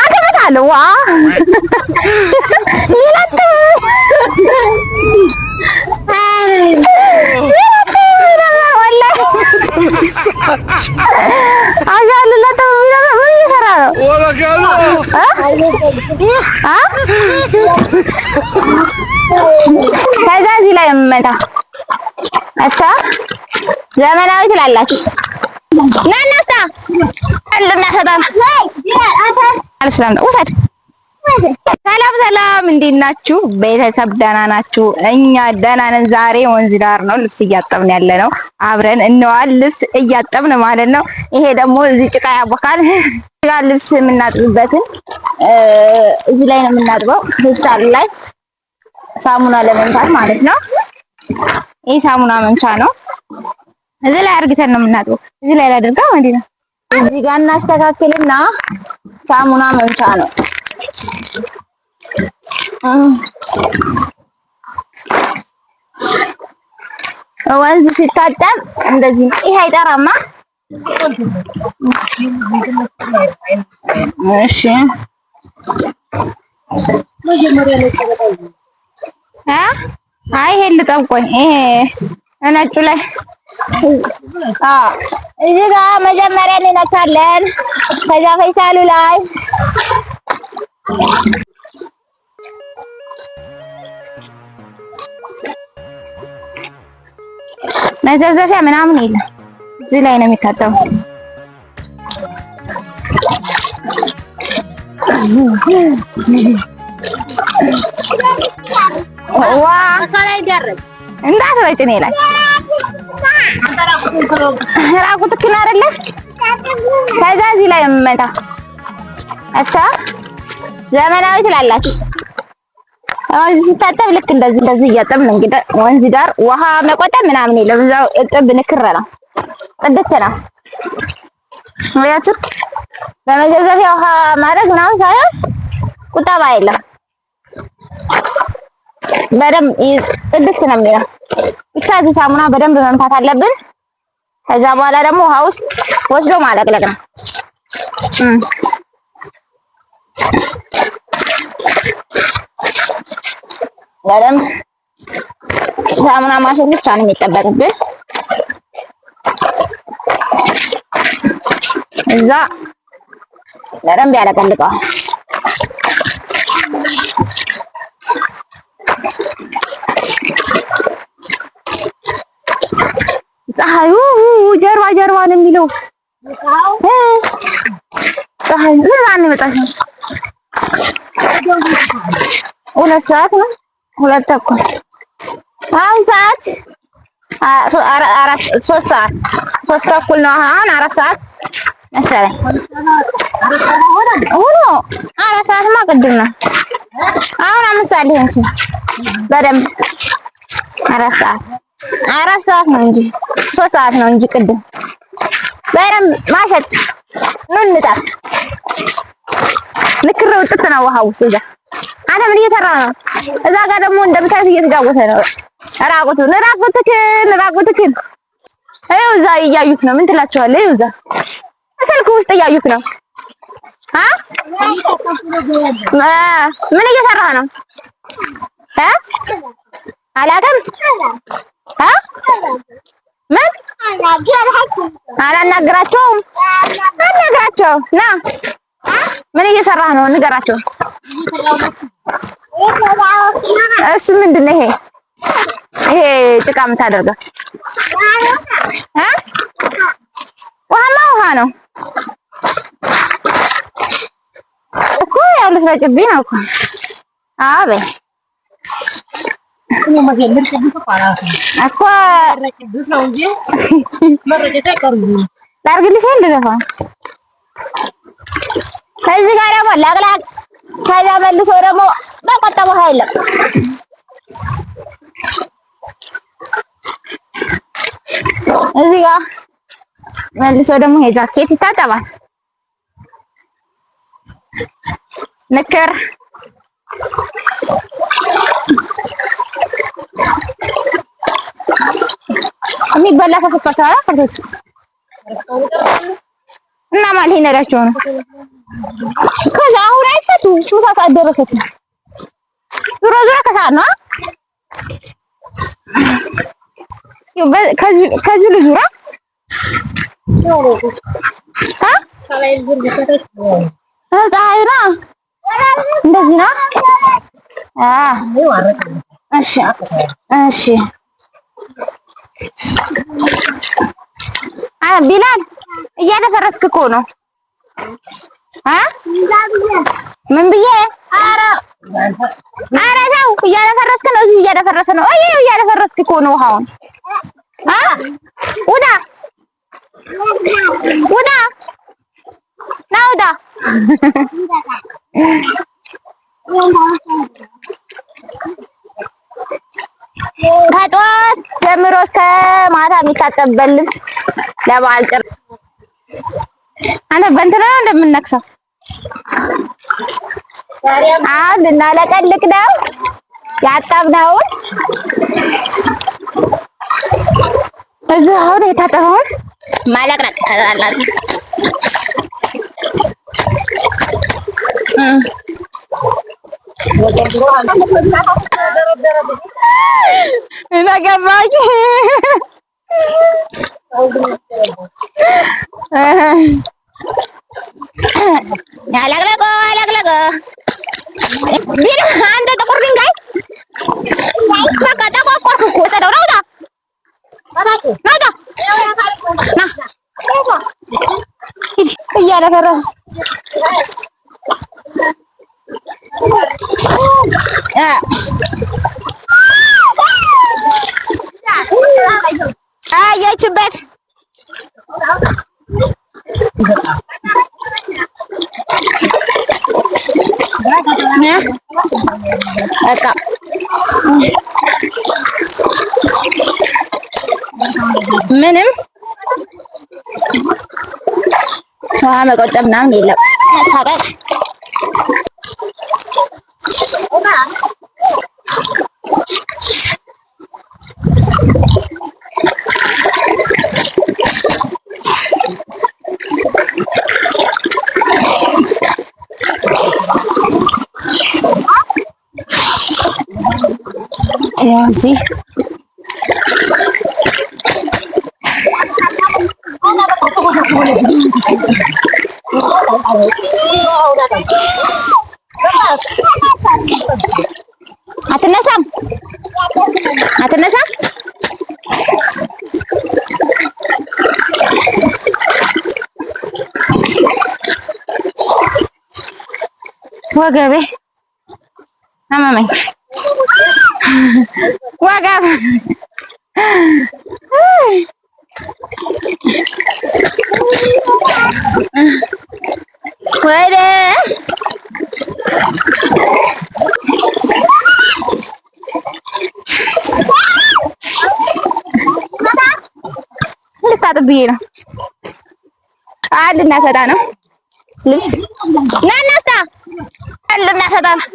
አገባታለሁ። ከዛ እዚህ ላይ የምመጣ አቻ ዘመናዊ ትላላችሁ። ሰላም ሰላም፣ እንዴት ናችሁ ቤተሰብ? ደህና ናችሁ? እኛ ደህና ነን። ዛሬ ወንዝ ዳር ነው ልብስ እያጠብን ያለ ነው። አብረን እንዋል ልብስ እያጠብን ማለት ነው። ይሄ ደግሞ እዚህ ጭቃ ያቦካል ጋር ልብስ የምናጥብበትን እዚህ ላይ ነው የምናጥበው፣ ፌስታል ላይ ሳሙና ለመምታት ማለት ነው። ይህ ሳሙና መንቻ ነው። እዚህ ላይ አድርግተን ነው የምናጥበው። እዚህ ላይ ላደርገው እንዴ ነው እዚህ ጋር እናስተካክልና ሳሙና መምቻ ነው ወንዝ ሲታጠብ እንደዚህ ነው። ይሄ አይጠራማ። እሺ አይ ይሄ ልጠብቆኝ ይሄ እነጩ ላይ እዚህ ጋ መጀመሪያ እንነካለን። ከዛ ፈይሳሉ ላይ መዘብዘፊያ ምናምን የለም። እዚህ ላይ ነው የሚታጠቡ። ዋ እንዳትረጭ እኔ ላይ ራቁት ክን አይደለ? ከዛ እዚህ ላይ የምመጣ አቻ ዘመናዊ ትላላችሁ። ወንዝ ሲታጠብ ልክ እንደዚህ እንደዚህ እያጠብን እንግዲህ ወንዝ ዳር ውሃ መቆጠብ ምናምን የለም። እዛው እጥብ ንክር ነው፣ ቅድስት ነው። ወያችሁ በመዘዘፊያ ውሃ ማድረግ ምናምን ሳይሆን ቁጠባ የለም። በደንብ ቅድስት ነው የሚለው ብቻ። እዚህ ሳሙና በደንብ መምታት አለብን። ከዛ በኋላ ደግሞ ውሃ ውስጥ ወስዶ ማለቅለቅ ነው። በደንብ ሳሙና ማሸት ብቻ ነው የሚጠበቅብን። እዛ በደንብ ያለቀልቀዋል። ነው የሚለው። ፀሐይ ምን ማን ይመጣሽ ነው? ሁለት ሰዓት ነው ሁለት ተኩል አሁን ሰዓት ሶስት ሰዓት ሶስት ተኩል ነው አሁን አራት ሰዓት መሰለኝ። ሁሉ አራት ሰዓትማ ቅድም ነው። አሁን አምስት ሰዓት ሊሆን ይችላል። አራት ሰዓት አራት ሰዓት ነው እንጂ ሶስት ሰዓት ነው እንጂ ቅድም በረም ማሸት ምንታ ንክር ጥጥ ነው ውሃው እዛ አንተ ምን እየሰራ ነው? እዛ ጋር ደግሞ እንደምታዩት እየተጫወተ ነው። ራቁቱን ራቁትክን ራቁትክን ይኸው እዛ እያዩት ነው። ምን ትላቸዋለህ? ይኸው እዛ ስልክ ውስጥ እያዩት ነው። ምን እየሰራ ነው? አ አላውቅም ምን አላናግራቸውም። አናግራቸው ና ምን እየሰራህ ነው? ንገራቸው። እሱ ምንድን ነው ይሄ? ይሄ ጭቃ የምታደርገው ውሃማ ውሃ ነው እኮ ያው ልትረጭብኝ ነው እኮ አቤ እኮ ላድርግልሽ እንደዛ ከዚህ ጋር ደግሞ ላቅላቅ ከዚያ መልሶ ደግሞ በቆጠቡ ኃይልም እዚህ ጋር መልሶ ደግሞ የጃኬት ይታጠባል ምክር የሚበላ ተሰጥቷቸው አራት እና ማን ሊነዳቸው ነው? ከዛ አሁን አይፈቱ ምሳ ሰዓት ደረሰች። ዙሮ ዙሮ ከሰዓት ነው። ከዚህ ልዙራ ፀሐይ ና እንደዚህ ና። እሺ እሺ ቢላል እያደፈረስክ እኮ ነው። ምን ብዬ? አረ ተው፣ እያደፈረስክ ነው። እዚህ እያደፈረሰ ነው። አየው፣ እያደፈረስክ እኮ ነው። ውሃውን ውዳ ውጣ፣ ና ውጣ። ከጧት ጀምሮ እስከ ማታ የሚታጠብበት ልብስ ለበዓል ጭር አንተ በእንትና ነው እንደምነክሰው። አሁን ልናለቀልቅ ነው ያጠብነውን እዚህ አሁን የታጠበውን ማለቅለቅ ታላላችሁ ይመገባኝ አለቅለቆ አለቅለቆ ቢል አንድ ጥቁር ድንጋይ በቃ ጠቋቆርኩ እኮ ጥደው ነውጣ ነውጣ እያለፈረሁ በቃ ምንም ውሃ መቆጠብ ምናምን የለም። semua iya sih Atena sam. Atena sam. Wah gawe. Nama main. ወይኔ ልታጥብ ነው። አንድ እናሰጣ ነው ልብስ ና አንድ እናሰጣ ነው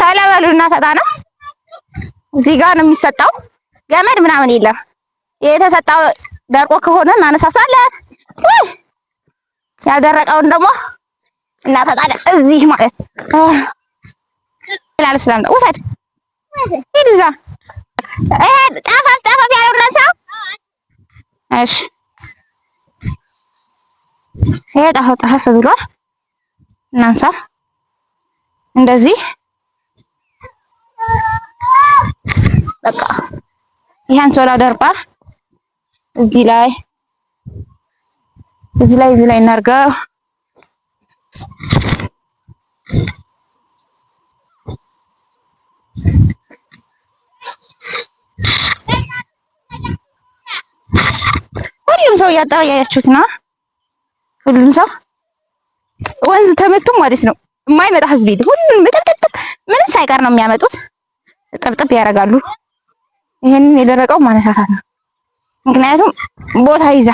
ተለበሉ እናሰጣ ነው። እዚህ ጋር ነው የሚሰጣው ገመድ ምናምን የለም የተሰጣው ደርቆ ከሆነ እናነሳሳለን። ያልደረቀውን ደግሞ እናሰጣለን። እዚህ ማለት ላልፍ ስላም ነው። ውሰድ ሂድ እዛ ይሄ ጠፈፍ ጠፈፍ ያለው እናንሳው። እሺ ይሄ ጠፈፍ ጠፈፍ ብሏል። እናንሳ እንደዚህ በቃ ይሄን ሶላ ደርቋል። እዚህ ላይ እዚህ ላይ እዚህ ላይ እናድርገው። ሁሉም ሰው እያጠበያያችሁት ነው። ሁሉም ሰው ወንዝ ተመቱ ማለት ነው። የማይመጣ ህዝብ ይል ሁሉንም ጥብጥብ ምንም ሳይቀር ነው የሚያመጡት። ጥብጥብ ያደርጋሉ። ይሄንን የደረቀው ማነሳሳት ነው። ምክንያቱም ቦታ ይዛ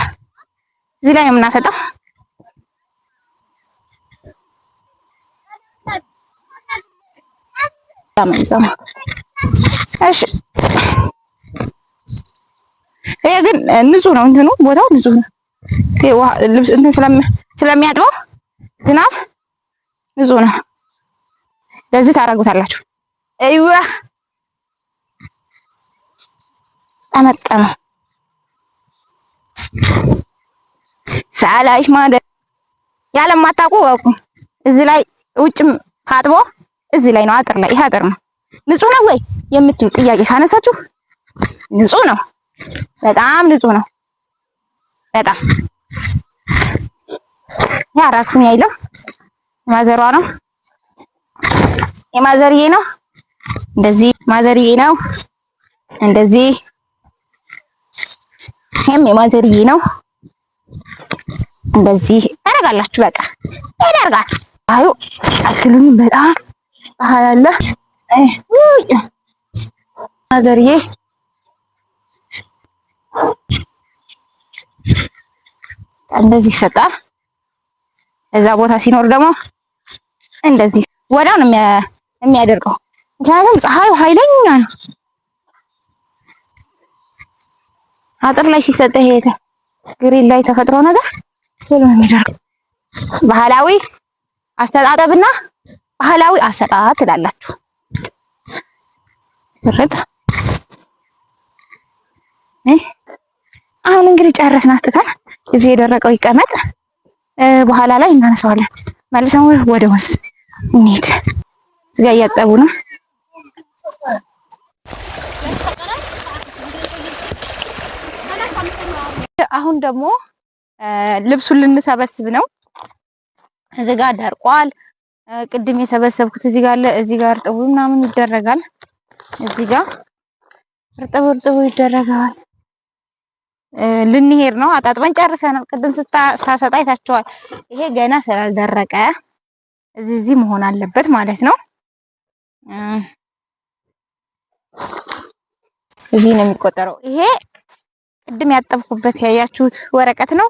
እዚህ ላይ ነው የምናሰጠው። እሺ ይሄ ግን ንጹህ ነው፣ እንትኑ ቦታው ንጹህ ነው። ልብስ እንትን ስለሚያጥበው ዝናብ ንጹህ ነው። ለዚህ ታደርጉታላችሁ። እዋ ጠመጠመው ሳላሽ ማለት ማታቁ ወቁ። እዚህ ላይ ውጭም ታጥቦ እዚህ ላይ ነው አጥር ላይ። ይሄ አጥር ነው ንጹህ ነው ወይ የምትሉ ጥያቄ ካነሳችሁ ንጹህ ነው፣ በጣም ንጹህ ነው። በጣም ያ ራሱን ያይለው ማዘሯ ነው የማዘርዬ ነው። እንደዚህ ማዘርዬ ነው እንደዚህ ይሄም የማዘርዬ ነው። እንደዚህ ታደርጋላችሁ። በቃ ያደርጋል። አዩ አክሉኝ። በጣም ፀሐይ አለ። ማዘርዬ እንደዚህ ይሰጣል። እዛ ቦታ ሲኖር ደግሞ እንደዚህ ነው የሚያደርገው ምክንያቱም ፀሐዩ ኃይለኛ ነው። አጥር ላይ ሲሰጥህ ይሄ ግሪን ላይ ተፈጥሮ ነገር ሁሉ ነው ባህላዊ አስተጣጠብና ባህላዊ አሰጣጥ ትላላችሁ። ርጥ አሁን እንግዲህ ጨረስን አስተካል እዚህ የደረቀው ይቀመጥ፣ በኋላ ላይ እናነሳዋለን። መልሰን ወደ ወንዝ እንሂድ። ስጋ እያጠቡ ነው። አሁን ደግሞ ልብሱን ልንሰበስብ ነው። እዚህ ጋር ደርቋል። ቅድም የሰበሰብኩት እዚህ ጋር አለ። እዚህ ጋር እርጥቡ ምናምን ይደረጋል። እዚህ ጋር እርጥቡ እርጥቡ ይደረጋል። ልንሄድ ነው። አጣጥበን ጨርሰናል። ቅድም ሳሰጣ አይታችኋል። ይሄ ገና ስላልደረቀ እዚህ እዚህ መሆን አለበት ማለት ነው። እዚህ ነው የሚቆጠረው ይሄ ቅድም ያጠብኩበት ያያችሁት ወረቀት ነው።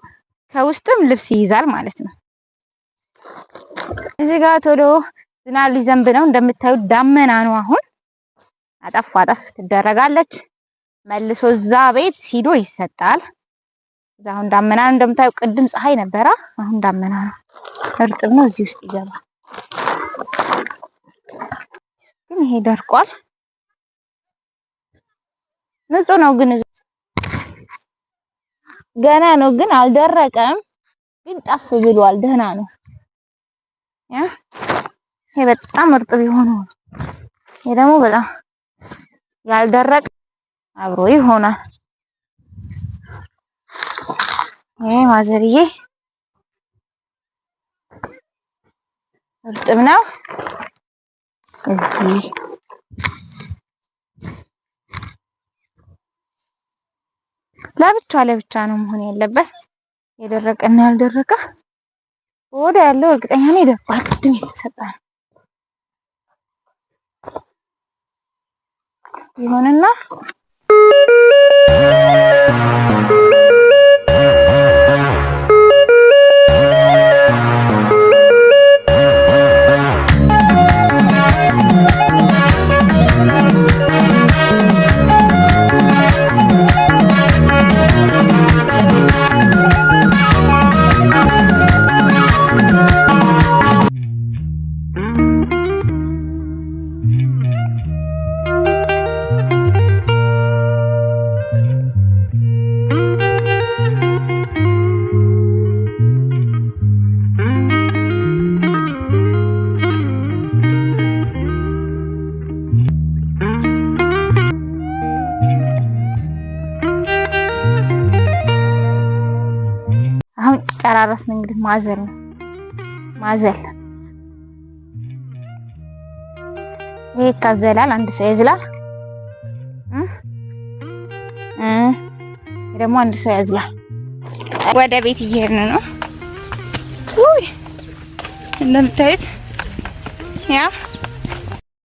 ከውስጥም ልብስ ይይዛል ማለት ነው። እዚህ ጋር ቶሎ ዝናብ ሊዘንብ ነው። እንደምታዩት ዳመና ነው። አሁን አጠፍ አጠፍ ትደረጋለች። መልሶ እዛ ቤት ሂዶ ይሰጣል። እዛ አሁን ዳመና ነው። እንደምታዩት ቅድም ፀሐይ ነበረ አሁን ዳመና ነው። እርጥብ ነው። እዚህ ውስጥ ይገባል። ግን ይሄ ደርቋል። ንጹህ ነው ግን ገና ነው ግን አልደረቀም። ግን ጣፍ ብሏል። ደህና ነው። ያ ይሄ በጣም እርጥብ የሆነው ነው። ይሄ ደግሞ በጣም ያልደረቀ አብሮ ይሆናል። ይሄ ማዘርዬ እርጥብ ነው እዚህ ለብቻ ለብቻ ነው መሆን ያለበት። የደረቀና ያልደረቀ ወደ ያለው እርግጠኛ ነው ይደርቋል። ቅድም የተሰጠ ነው ይሁንና ነው እንግዲህ ማዘል ነው ማዘል ይሄ ይታዘላል። አንድ ሰው ያዝላል እህ ደግሞ አንድ ሰው ያዝላል። ወደ ቤት እየሄድን ነው። ውይ እንደምታዩት ያ